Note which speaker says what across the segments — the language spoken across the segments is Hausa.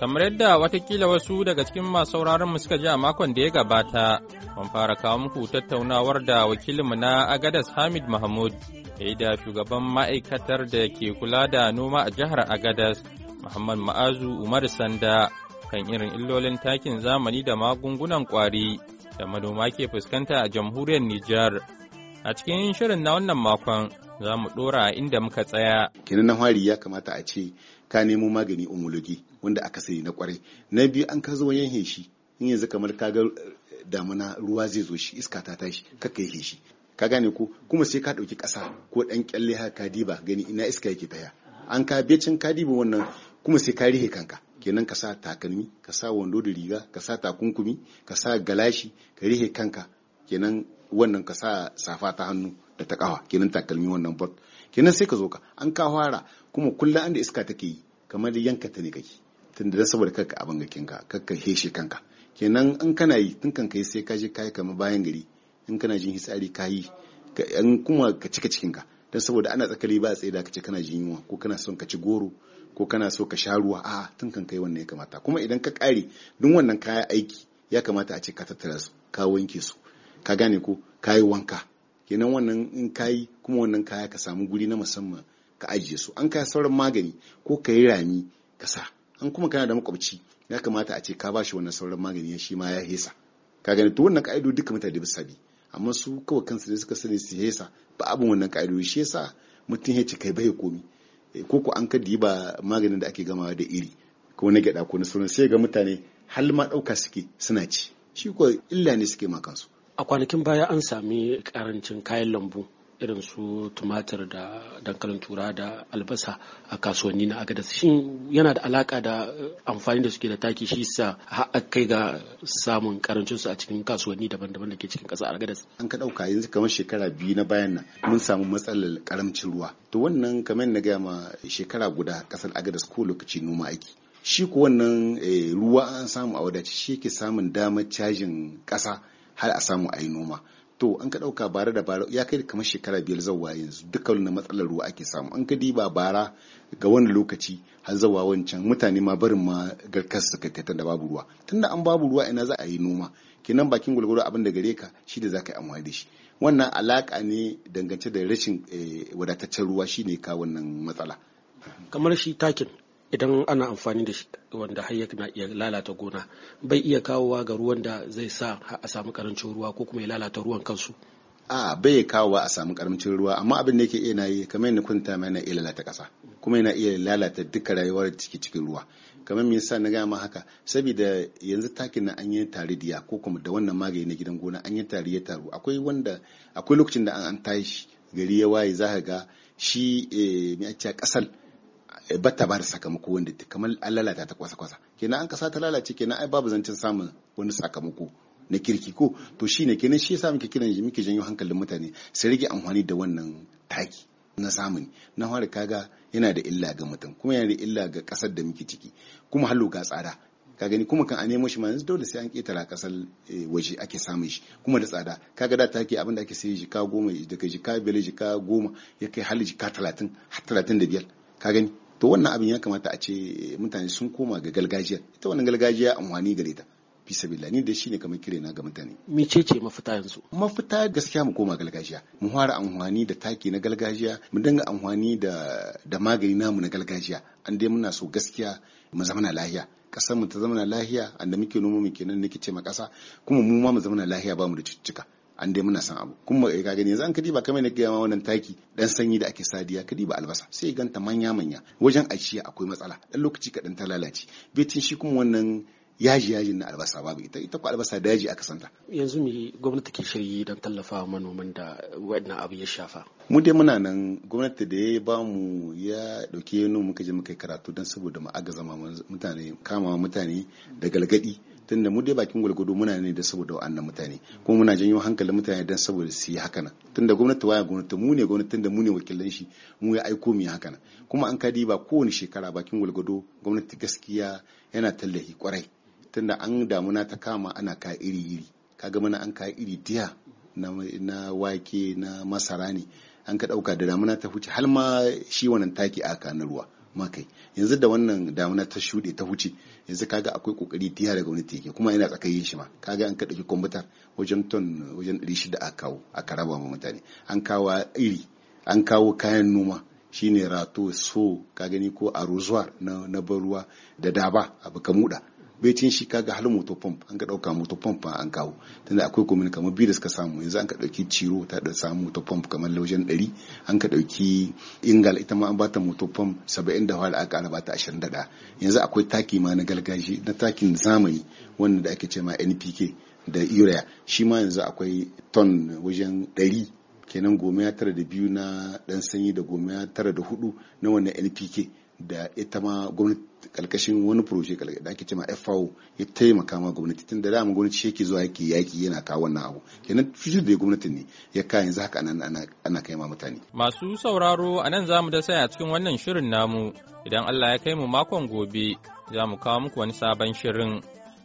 Speaker 1: Kamar yadda watakila wasu daga cikin masu sauraron mu suka ji a makon da ya gabata, mun fara kawo muku tattaunawar da wakilinmu na Agadas Hamid Mahmud, yi da shugaban ma'aikatar da ke kula da noma a jihar Agadas, Muhammad Ma'azu Umar Sanda, kan irin illolin takin zamani da magungunan kwari da manoma ke fuskanta a jamhuriyar Nijar. A cikin shirin na wannan makon, za mu dora inda muka tsaya.
Speaker 2: Kenan na hwari ya kamata a ce ka nemo magani homologi wanda aka sai na kwarai. Na biyu an ka zo wajen heshi in yanzu kamar ka ga eh, damuna ruwa zai zo shi iska ta tashi ka kai heshi. Ka gane ko kuma sai ka ɗauki kasa ko ɗan kyalle haka ka diba gani ina iska yake taya. An ka becin ka diba wannan kuma sai ka rihe kanka. kenan ka sa takalmi ka sa wando da riga ka sa takunkumi ka sa galashi ka rihe kanka kenan wannan ka sa safa ta hannu da ta kawa kenan takalmi wannan bot kenan sai ka zo ka an ka fara kuma kullum an da iska take yi kamar da yanka ta ne kake tunda saboda kakka abin gakin ka kakka heshe kanka kenan in kana yi tun kan kai sai ka je kai kamar bayan gari in kana jin hisari ka yi in kuma ka cika cikin ka dan saboda ana tsakali ba tsaye da ka ce kana jin yunwa ko kana son ka ci goro ko kana so ka sha ruwa a tun kan kai wannan ya kamata kuma idan ka kare duk wannan kaya aiki ya kamata a ce ka tattara su ka wanke su ka gane ko ka yi wanka kenan wannan in kayi kuma wannan kaya ka samu guri na musamman ka ajiye su an kaya sauran magani ko ka yi rami ka sa an kuma kana da makwabci ya kamata a ce ka ba shi wannan sauran magani shi ma ya hesa ka gani to wannan ka'ido duka mutane bisa bi amma su kawai kansu ne suka sani su hesa ba abin wannan ka'ido shi yasa mutum ya ce kai bai komi eh, ko ko an kaddi ba maganin da ake gamawa da iri ko na gyada ko na sauran sai ga mutane har ma dauka suke suna ci shi ko illa ne suke ma kansu a kwanakin baya an sami karancin kayan lambu irin su tumatir da dankalin tura da albasa a kasuwanni na agadas shin yana da alaka da eh, amfani da suke da taki shi sa har kai ga samun karancin su a cikin kasuwanni daban-daban da ke cikin ƙasa agadas an ka ɗauka yanzu kamar shekara biyu na bayan nan mun samu matsalar karamcin ruwa to wannan kamar na gaya ma shekara guda kasar agadas ko lokaci noma aiki shi ko wannan eh, ruwa an samu a wadace shi ke samun damar cajin kasa har a samu a yi noma to an ka ɗauka bara da bara ya kai kamar shekara biyar zawa yanzu duka wani matsalar ruwa ake samu an ka diba bara ga wani lokaci har zawa wancan mutane ma barin ma garkar su kai da babu ruwa tunda an babu ruwa ina za a yi noma kenan bakin gwalgwaro abin da gare ka shi da za ka yi amfani da shi wannan alaka ne dangance da rashin eh, wadataccen ruwa shi ne ka wannan matsala kamar shi takin idan ana amfani da shi wanda har na iya lalata gona bai iya kawowa ga ruwan da zai sa a samu karancin ruwa ko kuma ya lalata ruwan kansu a bai kawowa a samu karancin ruwa amma abin da yake iya yi kamar yana kunta ma yana iya lalata kasa kuma yana iya lalata duka rayuwar ciki cikin ruwa kamar me yasa na gaya ma haka saboda yanzu takin na an yi taridiya ko kuma da wannan magani na gidan gona an yi tari ya taru akwai wanda akwai lokacin da an tashi gari ya waye za ka ga shi eh, me a ƙasar Eh, bata ba da sakamako wanda kamar an lalata ta kwasa-kwasa kenan an kasa ta lalace kenan ai babu zancen samun wani sakamako na kirki ko to shine kenan shi yasa muke kiran muke janyo hankalin mutane su rage amfani da wannan taki na samun na fara kaga yana da illa ga mutum kuma yana da illa ga kasar da muke ciki kuma hallo ga tsada ka gani kuma kan a nemo shi ma yanzu dole sai an ketara kasar eh, waje ake samun shi kuma da tsada kaga da taki abin da ake sai jika goma daga jika biyar jika goma ya kai hali jika talatin har talatin da biyar ka gani to wannan abin ya kamata a ce mutane sun koma ga galgajiyar ita wannan gargajiya amfani gare ta fi sabila ni da shi ne kamar kire na ga mutane mece ce mafita yanzu mafita gaskiya mu koma galgajiya. mu fara amfani da taki na galgajiya. mu dinga amfani da da magani namu na galgajiya. an dai muna so gaskiya mu zamana lahiya kasar mu ta zamana lahiya anda muke noma mu kenan nake ce ma kasa kuma mu ma mu zamana lahiya ba mu da cututtuka an dai muna san abu kuma eh, ka gani yanzu an kadi ba kamar ne gaya ma wannan taki dan sanyi da ake sadiya kadi ba albasa sai ganta manya manya wajen ajiya akwai matsala dan lokaci kaɗan ta lalace bitin shi kuma wannan yaji yaji na albasa babu ita ita ko albasa da yaji aka santa yanzu me gwamnati ke shirye don tallafa manoman da wannan abu ya shafa mu dai muna nan gwamnati da ya ba mu ya dauke mu muka je muka karatu don saboda mu aga zama mutane kama mutane da galgadi tunda mu dai bakin gwalgwado muna ne da saboda wa'annan mutane kuma muna janyo hankalin mutane don saboda su yi haka nan tunda gwamnati waya gwamnati mu ne gwamnati tunda mu ne wakilan shi mu ya aiko mu yi haka nan kuma an kadi ba kowane shekara bakin gwalgwado gwamnati gaskiya yana tallafi kwarai tunda an damuna ta kama ana ka iri iri kaga mana an ka iri diya na wake na masara ne an ka dauka da damuna ta huce har ma shi wannan taki a na ruwa makai yanzu da wannan damuna ta shuɗe ta huce yanzu kaga akwai kokari diya daga wani teke kuma yana tsakayin shi ma kaga an ka dauki kwamfuta wajen ton wajen 600 a kawo a karaba ma mutane an kawo iri an kawo kayan noma shine rato so ka gani ko a na, na ruwa da daba abu ka muda baitin shi kaga har moto pump an ɗauka dauka moto pump an kawo tunda akwai komini kamar biyu da suka samu yanzu an ka dauki ciro ta da samu moto pump kamar laujen 100 an ka dauki ingal ita ma an bata moto pump 70 da fara aka bata ta da yanzu akwai taki ma na galgaji na takin zamani wanda da ake ce ma NPK da urea shi ma yanzu akwai ton wajen 100 kenan goma ya tara da biyu na dan sanyi da goma ya tara da hudu na wannan NPK da ita ma gwamnati kalkashin wani proje da ake cewa FAO ya taimaka ma gwamnati tun da dama gwamnati shi yake zuwa yake yaki yana kawo wannan abu kenan fijir da gwamnati ne ya ka yanzu haka ana kai ma mutane
Speaker 1: masu sauraro a anan zamu da sai a cikin wannan shirin namu idan Allah ya kai mu makon gobe za mu kawo muku wani sabon shirin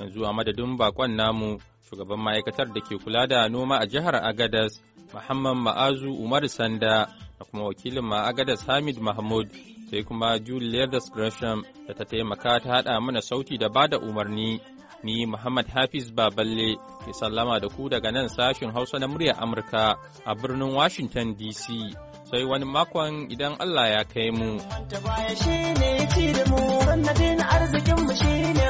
Speaker 1: yanzu a madadin bakon namu shugaban ma'aikatar da ke kula da noma a jihar Agadas Muhammad Ma'azu Umar Sanda da kuma wakilin ma Agadas Hamid Mahmud sai kuma Julie Gresham da ta taimaka ta hada mana sauti da bada umarni. Ni Muhammad Hafiz Baballe ke sallama da ku daga nan sashin Hausa na muryar Amurka a birnin Washington DC. Sai wani makon idan Allah ya kai mu.
Speaker 2: arzikin mu shine